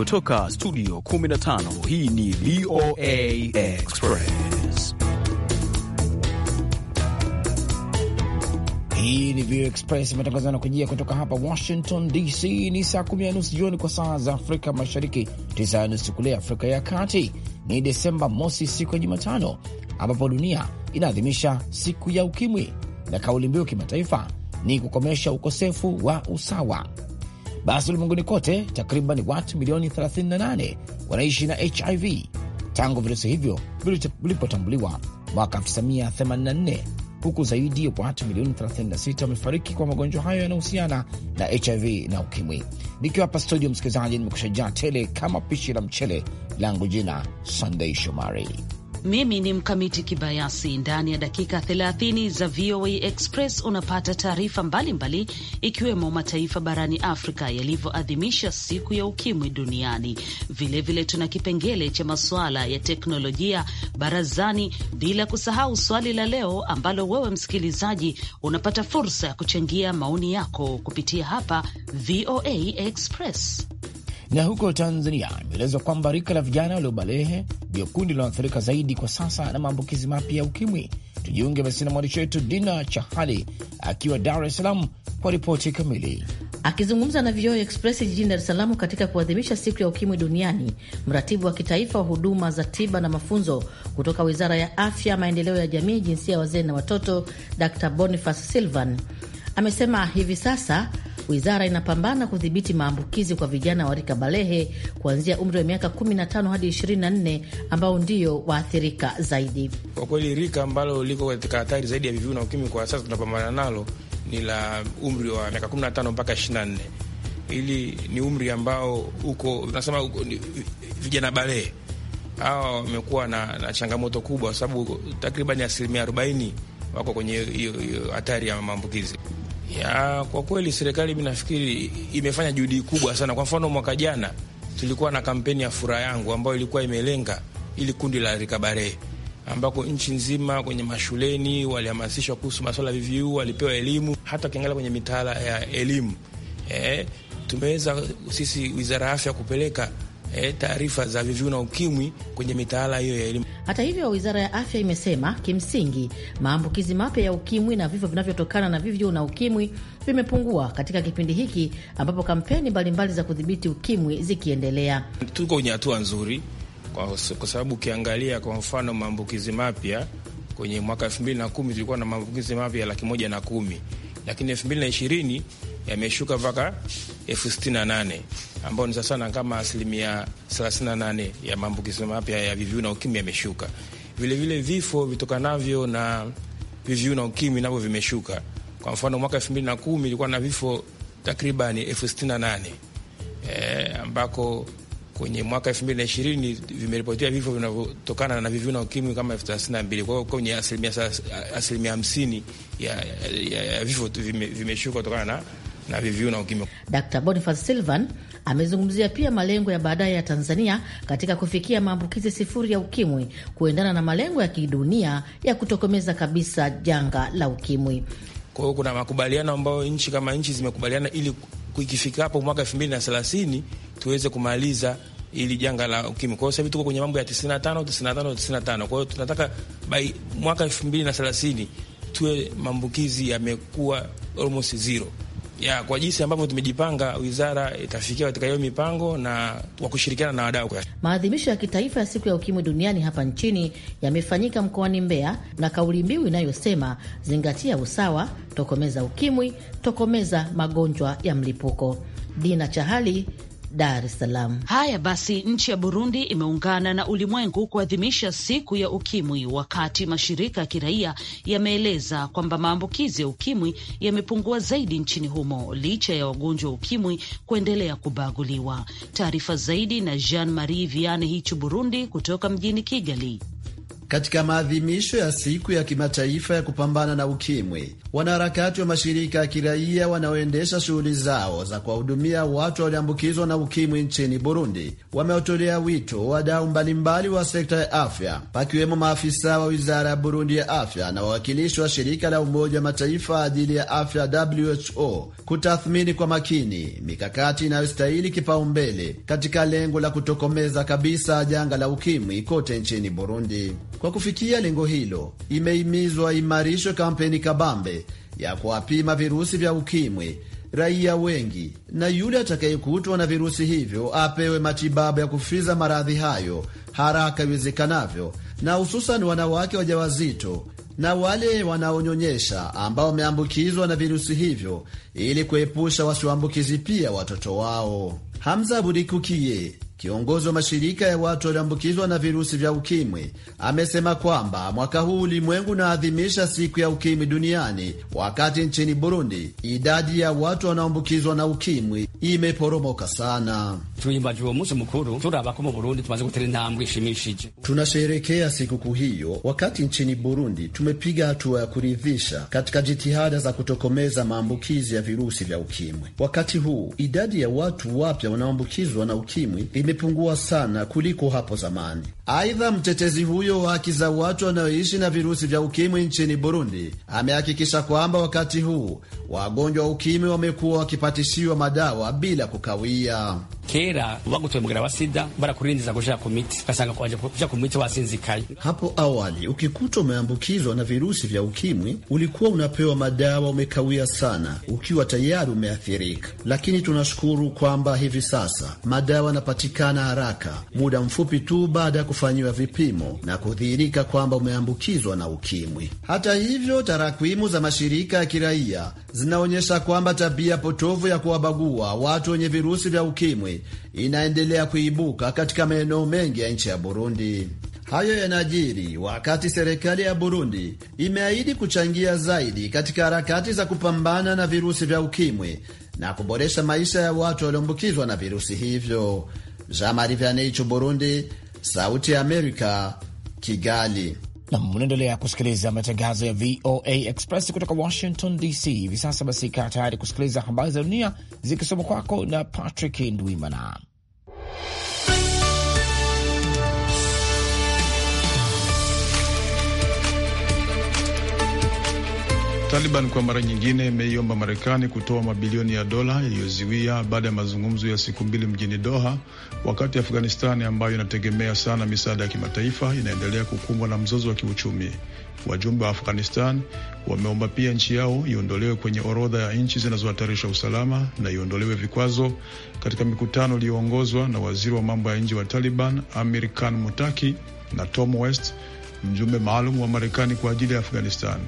Kutoka studio 15 hii ni VOA Express. Hii ni VOA Express, matangazo yanakujia kutoka hapa Washington DC. Ni saa kumi na nusu jioni kwa saa za Afrika Mashariki, tisa na nusu kule Afrika ya Kati. Ni Desemba mosi, siku ya Jumatano, ambapo dunia inaadhimisha siku ya Ukimwi, na kauli mbiu kimataifa ni kukomesha ukosefu wa usawa basi ulimwenguni kote takriban watu milioni 38 wanaishi na HIV tangu virusi hivyo vilipotambuliwa mwaka 1984 huku zaidi ya watu milioni 36 wamefariki kwa magonjwa hayo yanahusiana na HIV na ukimwi. Nikiwa hapa studio, msikilizaji, nimekushajaa tele kama pishi la mchele langu. Jina sandei Shomari. Mimi ni Mkamiti Kibayasi. Ndani ya dakika 30 za VOA Express unapata taarifa mbalimbali, ikiwemo mataifa barani Afrika yalivyoadhimisha siku ya ukimwi duniani. Vilevile vile tuna kipengele cha masuala ya teknolojia barazani, bila kusahau swali la leo ambalo wewe msikilizaji unapata fursa ya kuchangia maoni yako kupitia hapa VOA Express. Na huko Tanzania imeelezwa kwamba rika la vijana waliobalehe ndio kundi linaloathirika zaidi kwa sasa na maambukizi mapya ya ukimwi. Tujiunge basi na mwandishi wetu Dina Chahali akiwa Dar es Salaam kwa ripoti kamili. Akizungumza na VOA Express jijini Dar es Salaam katika kuadhimisha siku ya ukimwi duniani, mratibu wa kitaifa wa huduma za tiba na mafunzo kutoka Wizara ya Afya, Maendeleo ya Jamii, Jinsia ya Wazee na Watoto, Dr Boniface Silvan amesema hivi sasa Wizara inapambana kudhibiti maambukizi kwa vijana wa rika balehe kuanzia umri wa miaka 15 hadi 24 ambao ndio waathirika zaidi. Kwa kweli rika ambalo liko katika hatari zaidi ya VVU na ukimwi kwa sasa tunapambana nalo ni la umri wa miaka 15 mpaka 24. Ili ni umri ambao uko nasema uko, ni, vijana balehe hawa wamekuwa na, na changamoto kubwa kwa sababu takriban asilimia 40 wako kwenye hiyo hatari ya maambukizi ya, kwa kweli serikali mi nafikiri imefanya juhudi kubwa sana. Kwa mfano mwaka jana tulikuwa na kampeni ya furaha yangu ambayo ilikuwa imelenga ili kundi la Rikabare ambako nchi nzima kwenye mashuleni walihamasishwa kuhusu maswala ya VVU, walipewa elimu, hata ukiangalia kwenye mitaala ya elimu eh, tumeweza sisi wizara ya afya kupeleka e, taarifa za VVU na ukimwi kwenye mitaala hiyo ya elimu. Hata hivyo, wizara ya afya imesema kimsingi maambukizi mapya ya ukimwi na vifo vinavyotokana na VVU na ukimwi vimepungua katika kipindi hiki ambapo kampeni mbalimbali za kudhibiti ukimwi zikiendelea. Tuko kwenye hatua nzuri kwa, kwa sababu ukiangalia kwa mfano maambukizi mapya kwenye mwaka elfu mbili na kumi tulikuwa na maambukizi mapya laki moja na kumi lakini elfu mbili na ishirini yameshuka mpaka elfu sitini na nane ambao ni sasana kama asilimia na nane ya maambukizi mapya ya VVU na ukimwi yameshuka. Vilevile vifo vitokanavyo na VVU na ukimwi navyo vimeshuka. Kwa mfano mwaka elfu mbili na kumi ilikuwa na vifo takriban elfu sitini na nane e, ambako kwenye mwaka elfu mbili na ishirini vimeripotia vifo vinavyotokana na VVU na ukimwi kama elfu thelathini na mbili Kwa hiyo kwenye asilimia hamsini ya, ya, ya, ya vifo vimeshuka vime kutokana na na VVU na ukimwi. Dr. Boniface Silvan amezungumzia pia malengo ya baadaye ya Tanzania katika kufikia maambukizi sifuri ya ukimwi kuendana na malengo ya kidunia ya kutokomeza kabisa janga la ukimwi. Kwa hiyo kuna makubaliano ambayo nchi kama nchi zimekubaliana ili ikifika hapo mwaka thelathini tuweze kumaliza ili janga la ukimwi. Kwa hiyo sasa hivi tuko kwenye mambo ya 95 95 95. Kwa hiyo tunataka by mwaka thelathini tuwe maambukizi yamekuwa almost zero ya kwa jinsi ambavyo tumejipanga, wizara itafikia katika hiyo mipango na wa kushirikiana na wadau. Maadhimisho ya kitaifa ya siku ya ukimwi duniani hapa nchini yamefanyika mkoani Mbeya na kauli mbiu inayosema zingatia usawa, tokomeza ukimwi, tokomeza magonjwa ya mlipuko. Dina Chahali, Dar es Salaam. Haya basi, nchi ya Burundi imeungana na ulimwengu kuadhimisha siku ya ukimwi, wakati mashirika ya kiraia yameeleza kwamba maambukizi ya ukimwi yamepungua zaidi nchini humo licha ya wagonjwa wa ukimwi kuendelea kubaguliwa. Taarifa zaidi na Jean Marie Viane Hichu Burundi kutoka mjini Kigali. Katika maadhimisho ya siku ya kimataifa ya kupambana na ukimwi, wanaharakati wa mashirika ya kiraia wanaoendesha shughuli zao za kuwahudumia watu walioambukizwa na ukimwi nchini Burundi wameotolea wito wadau mbalimbali wa sekta ya afya, pakiwemo maafisa wa wizara ya Burundi ya afya na wawakilishi wa shirika la Umoja wa Mataifa ajili ya afya WHO kutathmini kwa makini mikakati inayostahili kipaumbele katika lengo la kutokomeza kabisa janga la ukimwi kote nchini Burundi. Kwa kufikia lengo hilo, imehimizwa imarishwe kampeni kabambe ya kuwapima virusi vya ukimwi raia wengi, na yule atakayekutwa na virusi hivyo apewe matibabu ya kufiza maradhi hayo haraka iwezekanavyo, na hususan wanawake wajawazito na wale wanaonyonyesha ambao wameambukizwa na virusi hivyo, ili kuepusha wasiwaambukizi pia watoto wao. Hamza Burikukiye Kiongozi wa mashirika ya watu walioambukizwa na virusi vya ukimwi amesema kwamba mwaka huu ulimwengu unaadhimisha siku ya ukimwi duniani, wakati nchini Burundi idadi ya watu wanaoambukizwa na ukimwi imeporomoka sana. Tunasherekea sikukuu hiyo wakati nchini Burundi tumepiga hatua ya kuridhisha katika jitihada za kutokomeza maambukizi ya virusi vya ukimwi. Wakati huu idadi ya watu wapya wanaoambukizwa na ukimwi imepungua sana kuliko hapo zamani. Aidha, mtetezi huyo wa haki za watu wanaoishi na virusi vya ukimwi nchini Burundi amehakikisha kwamba wakati huu wagonjwa wa ukimwi wamekuwa wakipatishiwa madawa bila kukawia. Kera, sida, kumiti, kumiti hapo awali ukikuta umeambukizwa na virusi vya ukimwi ulikuwa unapewa madawa umekawia sana ukiwa tayari umeathirika, lakini tunashukuru kwamba hivi sasa madawa yanapatikana kupatikana haraka muda mfupi tu baada ya kufanyiwa vipimo na kudhihirika kwamba umeambukizwa na ukimwi. Hata hivyo, tarakwimu za mashirika ya kiraia zinaonyesha kwamba tabia potovu ya kuwabagua watu wenye virusi vya ukimwi inaendelea kuibuka katika maeneo mengi ya nchi ya Burundi. Hayo yanajiri wakati serikali ya Burundi imeahidi kuchangia zaidi katika harakati za kupambana na virusi vya ukimwi na kuboresha maisha ya watu walioambukizwa na virusi hivyo jean Icho, Burundi. Sauti ya Amerika, Kigali. nam unaendelea kusikiliza matangazo ya VOA Express kutoka Washington DC hivi sasa. Basi kaa tayari kusikiliza habari za dunia zikisoma kwako na Patrick Ndwimana. Taliban kwa mara nyingine imeiomba Marekani kutoa mabilioni ya dola iliyoziwia baada ya mazungumzo ya siku mbili mjini Doha, wakati Afghanistani ambayo inategemea sana misaada ya kimataifa inaendelea kukumbwa na mzozo wa kiuchumi. Wajumbe wa Afghanistan wameomba pia nchi yao iondolewe kwenye orodha ya nchi zinazohatarisha usalama na iondolewe vikwazo, katika mikutano iliyoongozwa na waziri wa mambo ya nje wa Taliban Amir Khan Mutaki na Tom West, mjumbe maalum wa Marekani kwa ajili ya Afghanistan.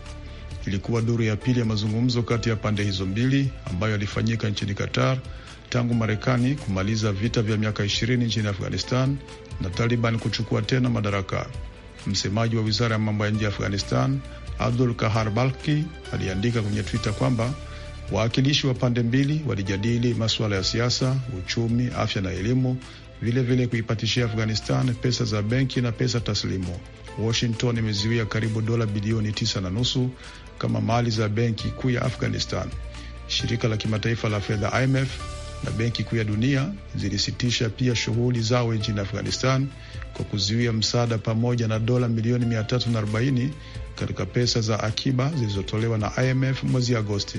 Ilikuwa duru ya pili ya mazungumzo kati ya pande hizo mbili ambayo yalifanyika nchini Qatar tangu Marekani kumaliza vita vya miaka 20 nchini Afghanistan na Taliban kuchukua tena madaraka. Msemaji wa wizara ya mambo ya nje ya Afghanistan, Abdul Kahar Balki, aliandika kwenye Twitter kwamba waakilishi wa pande mbili walijadili masuala ya siasa, uchumi, afya na elimu, vilevile kuipatishia Afghanistan pesa za benki na pesa taslimu. Washington imezuia karibu dola bilioni na nusu kama mali za benki kuu ya Afghanistan. Shirika la kimataifa la fedha IMF na benki kuu ya dunia zilisitisha pia shughuli zao nchini Afghanistan kwa kuzuia msaada pamoja na dola milioni 340 katika pesa za akiba zilizotolewa na IMF mwezi Agosti.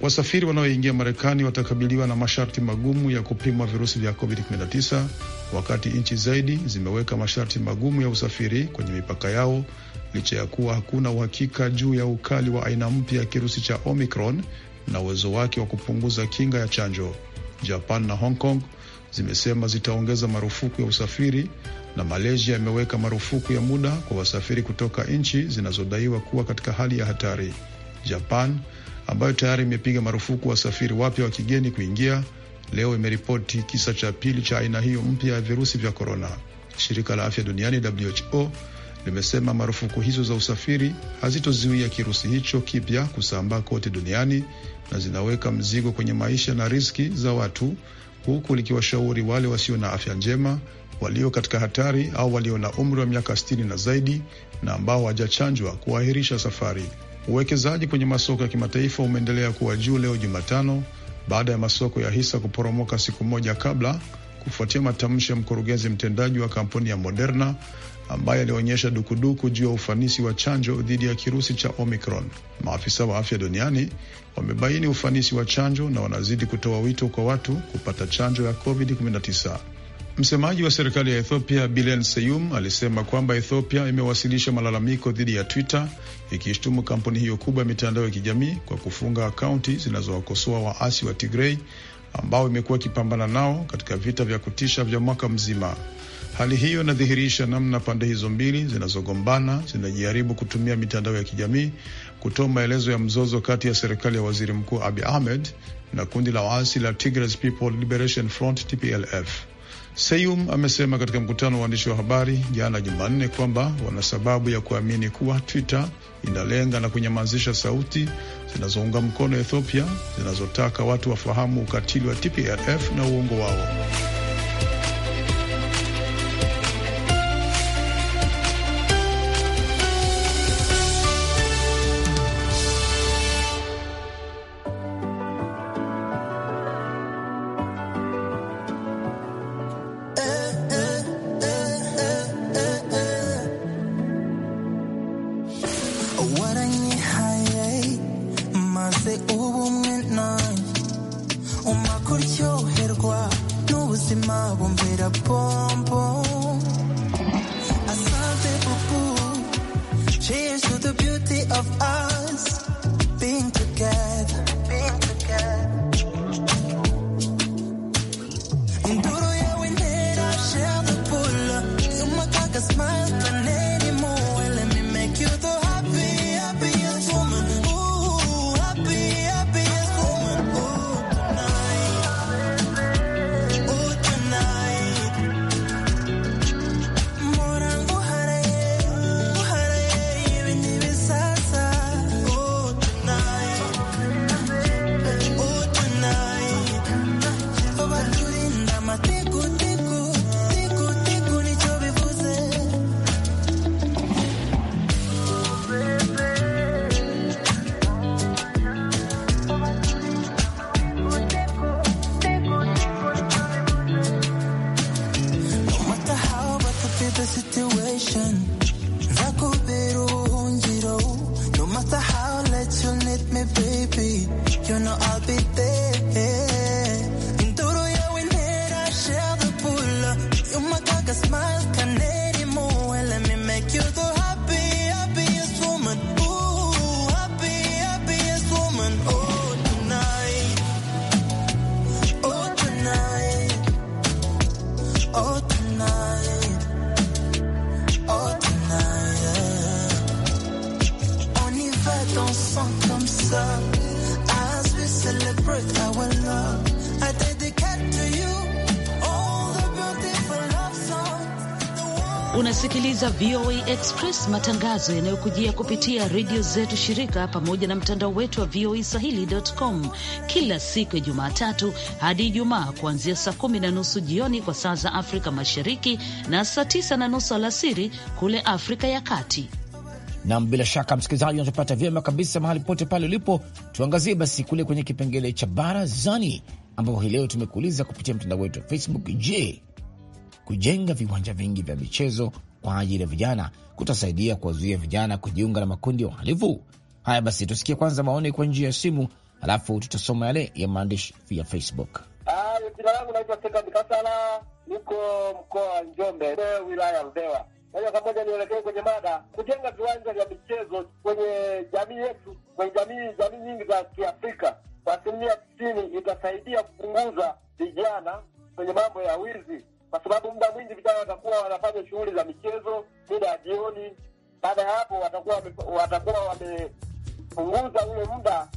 Wasafiri wanaoingia Marekani watakabiliwa na masharti magumu ya kupimwa virusi vya COVID-19, wakati nchi zaidi zimeweka masharti magumu ya usafiri kwenye mipaka yao, licha ya kuwa hakuna uhakika juu ya ukali wa aina mpya ya kirusi cha Omicron na uwezo wake wa kupunguza kinga ya chanjo. Japan na Hong Kong zimesema zitaongeza marufuku ya usafiri na Malaysia imeweka marufuku ya muda kwa wasafiri kutoka nchi zinazodaiwa kuwa katika hali ya hatari. Japan ambayo tayari imepiga marufuku wasafiri wapya wa kigeni kuingia, leo imeripoti kisa cha pili cha aina hiyo mpya ya virusi vya korona. Shirika la afya duniani WHO limesema marufuku hizo za usafiri hazitozuia kirusi hicho kipya kusambaa kote duniani na zinaweka mzigo kwenye maisha na riski za watu, huku likiwashauri wale wasio na afya njema, walio katika hatari au walio na umri wa miaka sitini na zaidi na ambao hawajachanjwa kuahirisha safari. Uwekezaji kwenye masoko ya kimataifa umeendelea kuwa juu leo Jumatano baada ya masoko ya hisa kuporomoka siku moja kabla kufuatia matamshi ya mkurugenzi mtendaji wa kampuni ya Moderna ambaye alionyesha dukuduku juu ya ufanisi wa chanjo dhidi ya kirusi cha Omicron. Maafisa wa afya duniani wamebaini ufanisi wa chanjo na wanazidi kutoa wito kwa watu kupata chanjo ya COVID-19. Msemaji wa serikali ya Ethiopia Bilen Seyum alisema kwamba Ethiopia imewasilisha malalamiko dhidi ya Twitter ikishtumu kampuni hiyo kubwa ya mitandao ya kijamii kwa kufunga akaunti zinazowakosoa waasi wa Tigrei ambao imekuwa ikipambana nao katika vita vya kutisha vya mwaka mzima. Hali hiyo inadhihirisha namna pande hizo mbili zinazogombana zinajaribu kutumia mitandao ya kijamii kutoa maelezo ya mzozo kati ya serikali ya waziri mkuu Abiy Ahmed na kundi la waasi la Tigray People Liberation Front TPLF. Seyum amesema katika mkutano wa waandishi wa habari jana Jumanne kwamba wana sababu ya kuamini kuwa Twitter inalenga na kunyamazisha sauti zinazounga mkono Ethiopia zinazotaka watu wafahamu ukatili wa TPLF na uongo wao. Asante Cheers to the beauty of Unasikiliza VOA Express, matangazo yanayokujia kupitia redio zetu shirika pamoja na mtandao wetu wa VOA Swahili.com kila siku ya Jumatatu hadi Ijumaa kuanzia saa kumi na nusu jioni kwa saa za Afrika Mashariki na saa tisa na nusu alasiri kule Afrika ya Kati. Nam, bila shaka msikilizaji, unatupata vyema kabisa mahali pote pale ulipo. Tuangazie basi kule kwenye kipengele cha barazani, ambapo hii leo tumekuuliza kupitia mtandao wetu wa Facebook. Je, kujenga viwanja vingi vya michezo kwa ajili ya vijana kutasaidia kuwazuia vijana kujiunga na makundi ya uhalifu. Haya basi, tusikie kwanza maoni kwa njia ya simu, alafu tutasoma yale ya maandishi ya Facebook. Ah, jina langu naitwa Seka Mikasala, niko mkoa wa Njombe, wilaya ya Mbewa. Moja kwa moja nielekee kwenye mada, kujenga viwanja vya michezo kwenye jamii yetu, kwenye jamii jamii nyingi za Kiafrika kwa asilimia tisini itasaidia kupunguza vijana kwenye mambo ya wizi kwa sababu muda mwingi vijana watakuwa wanafanya shughuli za michezo muda ya jioni. Baada ya hapo, watakuwa watakuwa wamepunguza ule muda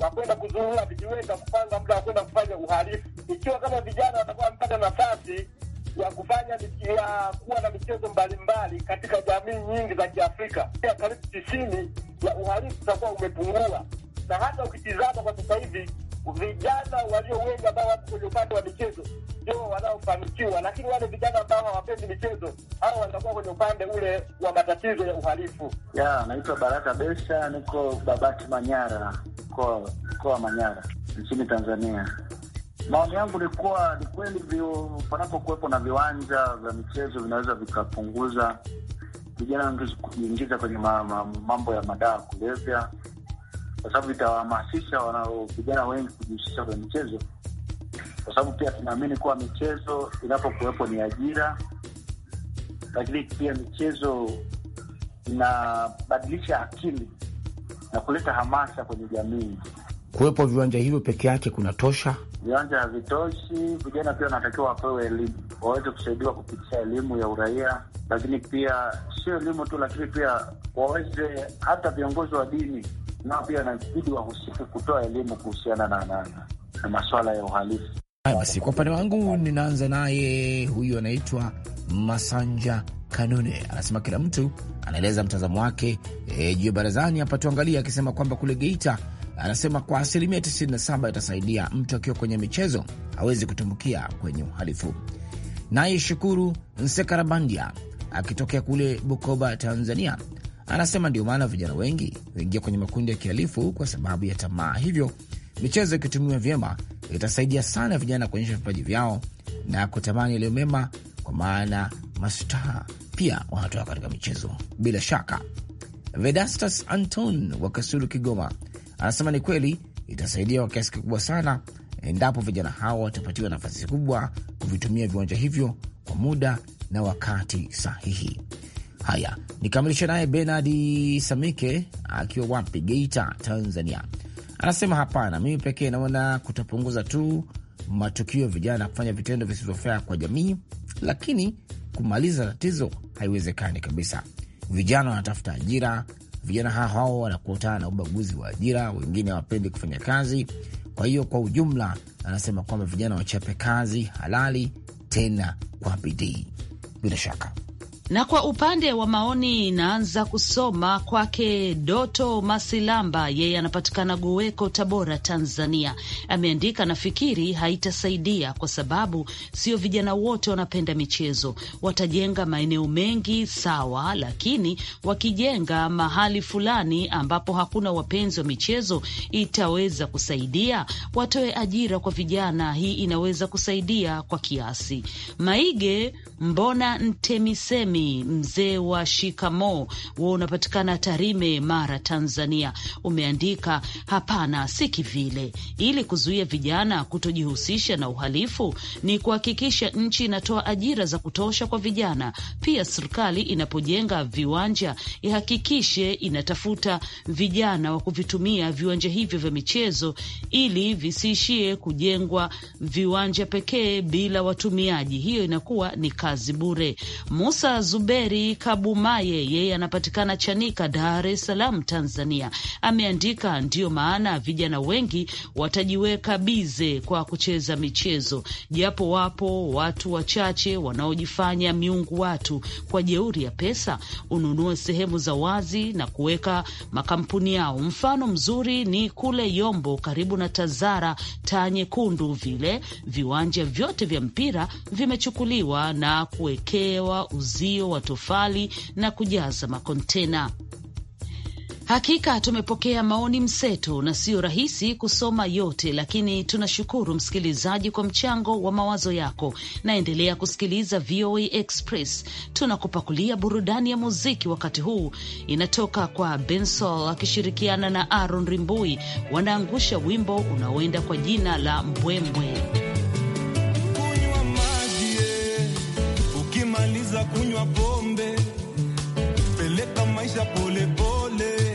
wa kwenda kuzurura vijiweka, kupanga muda wa kwenda kufanya uhalifu. Ikiwa kama vijana watakuwa wamepata nafasi ya kufanya ya kuwa na michezo mbalimbali katika jamii nyingi za Kiafrika, ya karibu tisini ya uhalifu utakuwa umepungua, na hata ukitizama kwa sasa hivi vijana walio wengi ambao wako kwenye upande wa michezo ndio wanaofanikiwa, lakini wale vijana ambao hawapendi michezo au watakuwa kwenye upande ule wa matatizo ya uhalifu. ya naitwa Baraka Besha, niko Babati Manyara, mkoa wa Manyara nchini Tanzania. Maoni yangu ni kuwa ni kweli panapokuwepo na viwanja vya michezo vinaweza vikapunguza vijana kujiingiza kwenye ma, ma, mambo ya madawa kulevya kwa sababu itawahamasisha wanaovijana wengi kujihusisha kwenye michezo, kwa sababu pia tunaamini kuwa michezo inapokuwepo ni ajira, lakini pia michezo inabadilisha akili na kuleta hamasa kwenye jamii. Kuwepo viwanja hivyo peke yake kunatosha? Viwanja havitoshi. Vijana pia wanatakiwa wapewe elimu, waweze kusaidiwa kupitia elimu ya uraia, lakini pia sio elimu tu, lakini pia waweze hata viongozi wa dini nao pia inabidi wahusike kutoa elimu kuhusiana na, na, na maswala ya uhalifu. Basi kwa upande wangu ninaanza naye huyu anaitwa Masanja Kanune, anasema kila mtu anaeleza mtazamo wake e, juu ya barazani hapa. Tuangalia akisema kwamba kule Geita anasema kwa asilimia 97 itasaidia mtu akiwa kwenye michezo awezi kutumbukia kwenye uhalifu. Naye Shukuru Nsekarabandia akitokea kule Bukoba, Tanzania, Anasema ndio maana vijana wengi huingia kwenye makundi ya kihalifu kwa sababu ya tamaa. Hivyo michezo ikitumiwa vyema itasaidia sana vijana kuonyesha vipaji vyao na kutamani yaliyo mema, kwa maana mastaa pia wanatoka katika michezo. Bila shaka, Vedastus Anton wa Kasulu, Kigoma, anasema ni kweli itasaidia kwa kiasi kikubwa sana endapo vijana hawa watapatiwa nafasi kubwa kuvitumia viwanja hivyo kwa muda na wakati sahihi. Haya, nikamilisha naye Benardi Samike akiwa wapi Geita, Tanzania, anasema hapana, mimi pekee naona kutapunguza tu matukio ya vijana kufanya vitendo visivyofaa kwa jamii, lakini kumaliza tatizo haiwezekani kabisa. Vijana wanatafuta ajira, vijana hao hao wanakutana na ubaguzi wa ajira, wengine hawapendi kufanya kazi. Kwa hiyo kwa ujumla, anasema kwamba vijana wachape kazi halali tena kwa bidii bila shaka. Na kwa upande wa maoni naanza kusoma kwake Doto Masilamba, yeye anapatikana Goweko, Tabora, Tanzania. Ameandika, nafikiri haitasaidia kwa sababu sio vijana wote wanapenda michezo. Watajenga maeneo mengi sawa, lakini wakijenga mahali fulani ambapo hakuna wapenzi wa michezo itaweza kusaidia. Watoe ajira kwa vijana, hii inaweza kusaidia kwa kiasi. Maige Mbona Ntemisemi Mami mzee wa shikamo wa unapatikana Tarime, Mara, Tanzania, umeandika hapana, si kivile. Ili kuzuia vijana kutojihusisha na uhalifu ni kuhakikisha nchi inatoa ajira za kutosha kwa vijana. Pia serikali inapojenga viwanja ihakikishe inatafuta vijana wa kuvitumia viwanja hivyo vya michezo, ili visiishie kujengwa viwanja pekee bila watumiaji. Hiyo inakuwa ni kazi bure. Musa Zuberi Kabumaye, yeye anapatikana Chanika, Dar es Salaam, Tanzania, ameandika ndiyo maana vijana wengi watajiweka bize kwa kucheza michezo, japo wapo watu wachache wanaojifanya miungu watu kwa jeuri ya pesa, ununue sehemu za wazi na kuweka makampuni yao. Mfano mzuri ni kule Yombo karibu na Tazara, taa nyekundu vile viwanja vyote vya mpira vimechukuliwa na kuwekewa uzio mzio wa tofali na kujaza makontena. Hakika tumepokea maoni mseto na siyo rahisi kusoma yote, lakini tunashukuru msikilizaji kwa mchango wa mawazo yako. Naendelea kusikiliza VOA Express, tunakupakulia burudani ya muziki wakati huu. Inatoka kwa Bensol akishirikiana na Aaron Rimbui, wanaangusha wimbo unaoenda kwa jina la Mbwembwe. kunywa pombe, peleka maisha polepole pole.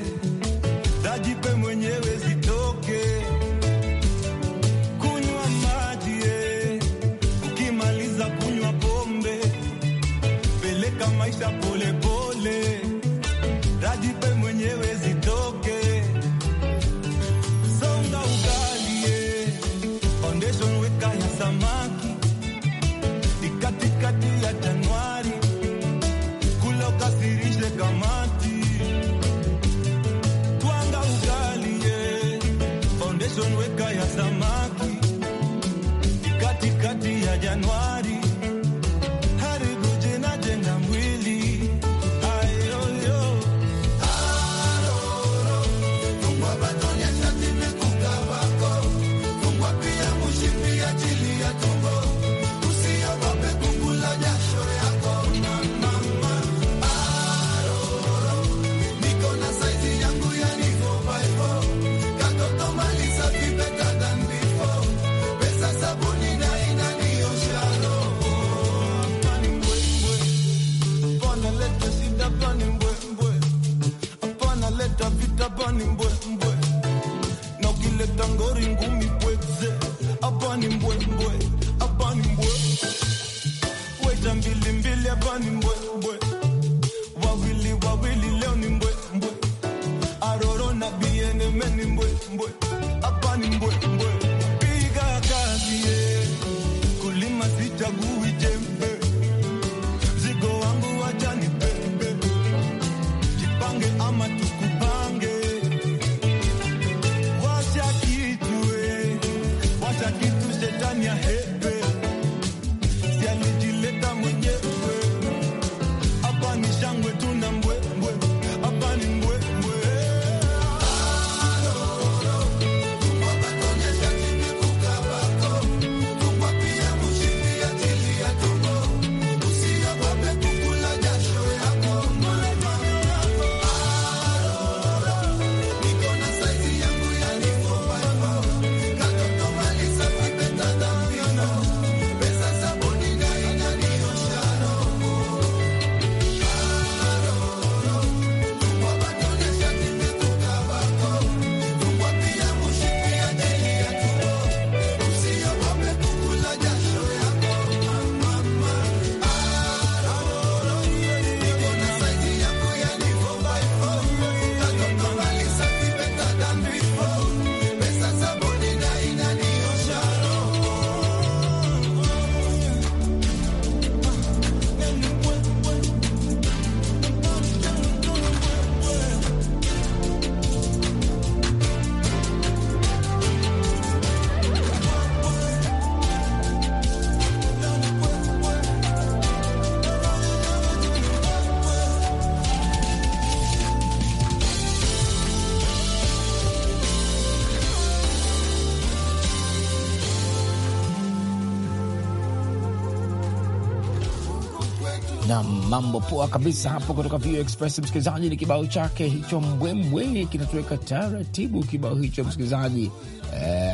Mambo poa kabisa hapo kutoka VOA Express msikilizaji, ni kibao chake hicho mbwembwe, kinatuweka taratibu kibao hicho msikilizaji,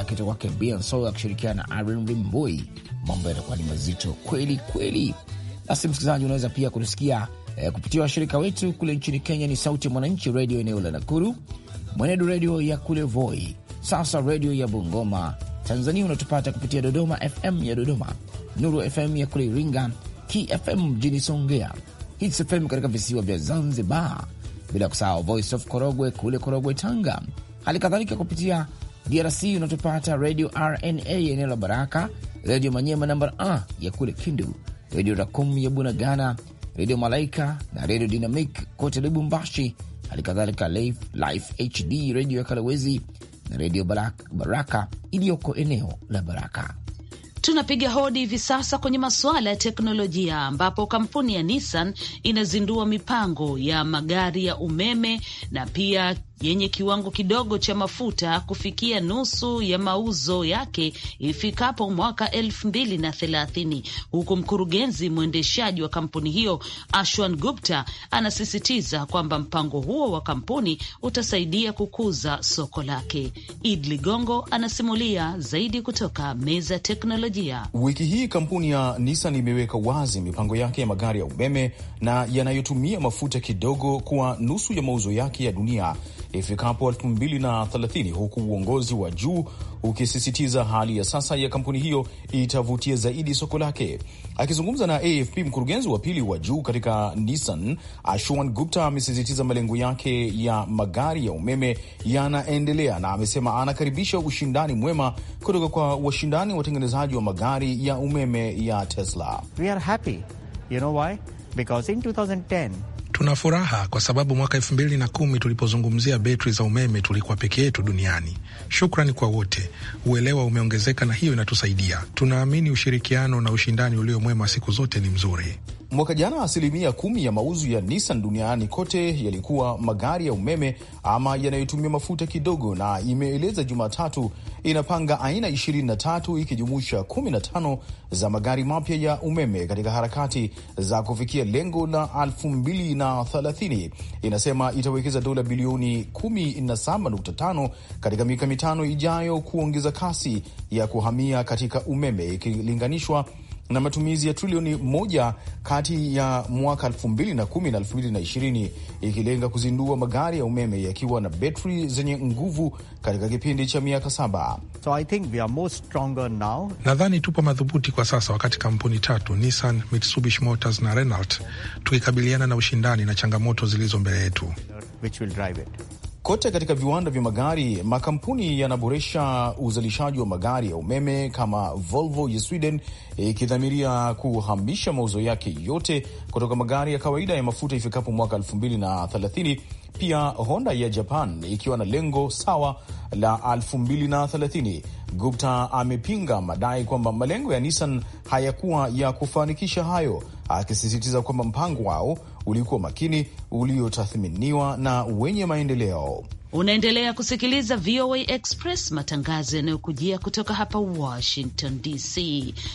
akitoka eh, kwake akishirikiana na Aaron Rimboi. Mambo yatakuwa ni mazito kweli kweli. Basi msikilizaji, unaweza pia kutusikia eh, kupitia washirika wetu kule nchini Kenya ni Sauti ya Mwananchi redio eneo la Nakuru, Mwenedu redio ya kule Voi, sasa redio ya Bungoma. Tanzania unatupata kupitia Dodoma FM ya Dodoma, Nuru FM ya kule Iringa, KFM mjini Songea, Hits FM katika visiwa vya Zanzibar, bila kusahau Voice of Korogwe kule Korogwe, Tanga. Hali kadhalika kupitia DRC unatopata Radio RNA eneo la Baraka, Redio Manyema namba a ya kule Kindu, Redio Rakum ya Bunagana, Redio Malaika na Redio Dynamic kote Lubumbashi, hali kadhalika Life HD, redio ya Kalawezi na Redio Baraka iliyoko eneo la Baraka. Tunapiga hodi hivi sasa kwenye masuala ya teknolojia ambapo kampuni ya Nissan inazindua mipango ya magari ya umeme na pia yenye kiwango kidogo cha mafuta kufikia nusu ya mauzo yake ifikapo mwaka elfu mbili na thelathini, huku mkurugenzi mwendeshaji wa kampuni hiyo Ashwan Gupta anasisitiza kwamba mpango huo wa kampuni utasaidia kukuza soko lake. Id Ligongo anasimulia zaidi kutoka meza ya teknolojia. Wiki hii kampuni ya Nissan imeweka wazi mipango yake ya magari ya umeme na yanayotumia mafuta kidogo kuwa nusu ya mauzo yake ya dunia ifikapo 2030 huku uongozi wa juu ukisisitiza hali ya sasa ya kampuni hiyo itavutia zaidi soko lake. Akizungumza na AFP, mkurugenzi wa pili wa juu katika Nissan Ashwan Gupta amesisitiza malengo yake ya magari ya umeme yanaendelea, na amesema anakaribisha ushindani mwema kutoka kwa washindani watengenezaji wa magari ya umeme ya Tesla. We are happy. You know why? Because in 2010 Tuna furaha kwa sababu mwaka elfu mbili na kumi tulipozungumzia betri za umeme tulikuwa peke yetu duniani. Shukrani kwa wote, uelewa umeongezeka na hiyo inatusaidia. Tunaamini ushirikiano na ushindani uliomwema siku zote ni mzuri. Mwaka jana asilimia kumi ya mauzo ya Nissan duniani kote yalikuwa magari ya umeme ama yanayotumia mafuta kidogo, na imeeleza Jumatatu inapanga aina 23 ikijumuisha 15 za magari mapya ya umeme katika harakati za kufikia lengo la 2030. Inasema itawekeza dola bilioni 17.5 katika miaka mitano ijayo kuongeza kasi ya kuhamia katika umeme ikilinganishwa na matumizi ya trilioni moja kati ya mwaka 2010 na 2020 ikilenga kuzindua magari ya umeme yakiwa na betri zenye nguvu katika kipindi cha miaka saba. So nadhani tupo madhubuti kwa sasa, wakati kampuni tatu Nissan, Mitsubishi Motors na Renault tukikabiliana na ushindani na changamoto zilizo mbele yetu. Kote katika viwanda vya magari, makampuni yanaboresha uzalishaji wa magari ya umeme kama Volvo ya Sweden ikidhamiria kuhamisha mauzo yake yote kutoka magari ya kawaida ya mafuta ifikapo mwaka 230 Pia Honda ya Japan ikiwa na lengo sawa la elfu Gupta amepinga madai kwamba malengo ya Nissan hayakuwa ya kufanikisha hayo, akisisitiza kwamba mpango wao ulikuwa makini, uliotathminiwa na wenye maendeleo. Unaendelea kusikiliza VOA Express, matangazo yanayokujia kutoka hapa Washington DC.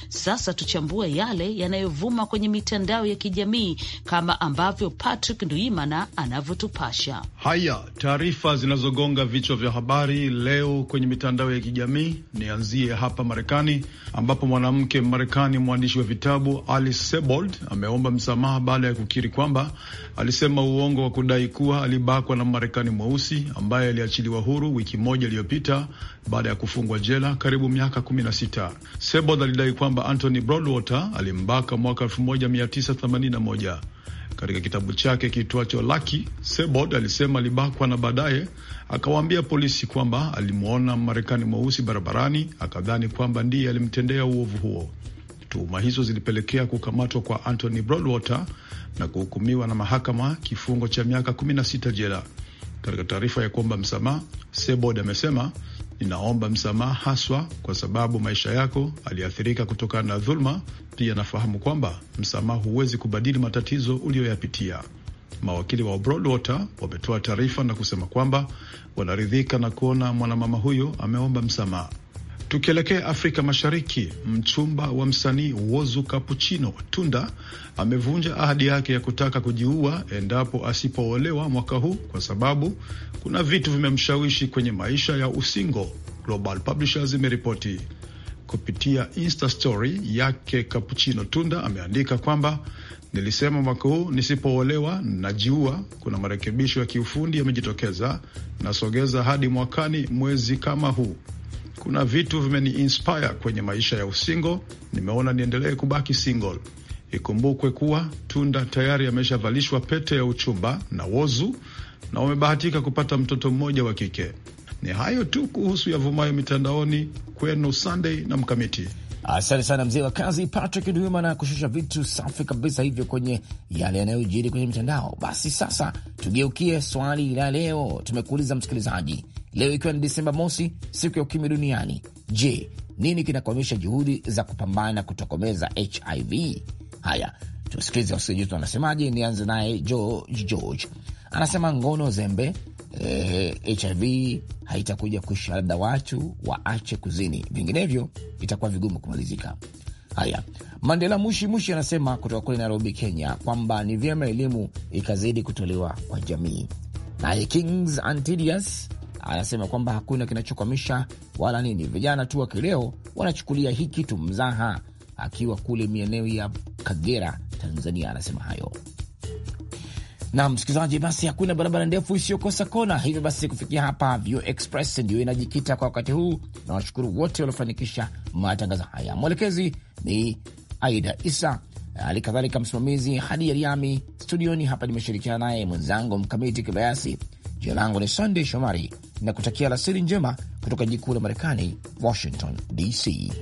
Sasa tuchambue yale yanayovuma kwenye mitandao ya kijamii kama ambavyo Patrick Nduimana anavyotupasha. Haya, taarifa zinazogonga vichwa vya habari leo kwenye mitandao ya kijamii. Nianzie hapa Marekani, ambapo mwanamke Marekani, mwandishi wa vitabu Alice Sebold ameomba msamaha baada ya kukiri kwamba alisema uongo wa kudai kuwa alibakwa na Marekani mweusi ambaye aliachiliwa huru wiki moja iliyopita baada ya kufungwa jela karibu miaka 16. Seboth alidai kwamba Anthony Broadwater alimbaka mwaka 1981. Katika kitabu chake kitwacho Lucky, Sebod alisema alibakwa na baadaye akawaambia polisi kwamba alimwona Marekani mweusi barabarani, akadhani kwamba ndiye alimtendea uovu huo. Tuhuma hizo zilipelekea kukamatwa kwa Anthony Broadwater na kuhukumiwa na mahakama kifungo cha miaka 16 jela katika taarifa ya kuomba msamaha, Sebod amesema ninaomba msamaha haswa kwa sababu maisha yako aliathirika kutokana na dhuluma. Pia nafahamu kwamba msamaha huwezi kubadili matatizo uliyoyapitia. Mawakili wa Broadwater wametoa taarifa na kusema kwamba wanaridhika na kuona mwanamama huyo ameomba msamaha. Tukielekea Afrika Mashariki, mchumba wa msanii Wozu Kapuchino Tunda amevunja ahadi yake ya kutaka kujiua endapo asipoolewa mwaka huu kwa sababu kuna vitu vimemshawishi kwenye maisha ya usingo. Global Publishers imeripoti. Kupitia Insta story yake, Kapuchino Tunda ameandika kwamba nilisema mwaka huu nisipoolewa najiua. Kuna marekebisho ya kiufundi yamejitokeza, nasogeza hadi mwakani mwezi kama huu kuna vitu vimeniinspire kwenye maisha ya usingo, nimeona niendelee kubaki single. Ikumbukwe kuwa Tunda tayari ameshavalishwa pete ya uchumba na Wozu na wamebahatika kupata mtoto mmoja wa kike. Ni hayo tu kuhusu yavumayo mitandaoni. Kwenu Sunday na Mkamiti. Asante sana mzee wa kazi Patrick duma na kushusha vitu safi kabisa hivyo kwenye yale yanayojiri kwenye mitandao. Basi sasa tugeukie swali la leo. Tumekuuliza msikilizaji, leo ikiwa ni Disemba mosi, siku ya ukimwi duniani. Je, nini kinakwamisha juhudi za kupambana kutokomeza HIV? Haya, tusikilize wasikilizaji wanasemaje. Nianze naye George. George anasema ngono zembe, eh, HIV haitakuja kuisha, labda watu waache kuzini, vinginevyo itakuwa vigumu kumalizika. Haya, Mandela Mushi Mushi anasema kutoka kule Nairobi, Kenya, kwamba ni vyema elimu ikazidi kutolewa kwa jamii. Naye Kings Antidius anasema kwamba hakuna kinachokwamisha wala nini, vijana tu wa kileo wanachukulia hii kitu mzaha. Akiwa kule mieneo ya Kagera, Tanzania, anasema hayo. Na msikilizaji, basi hakuna barabara ndefu isiyokosa kona. Hivyo basi kufikia hapa, Vio Express ndiyo inajikita kwa wakati huu, na washukuru wote waliofanikisha matangazo haya. Mwelekezi ni Aida Isa, hali kadhalika msimamizi Hadi Yariami. Studioni hapa nimeshirikiana naye mwenzangu Mkamiti Kibayasi. Jina langu ni Sandey Shomari na kutakia alasiri njema kutoka jikuu la Marekani, Washington DC.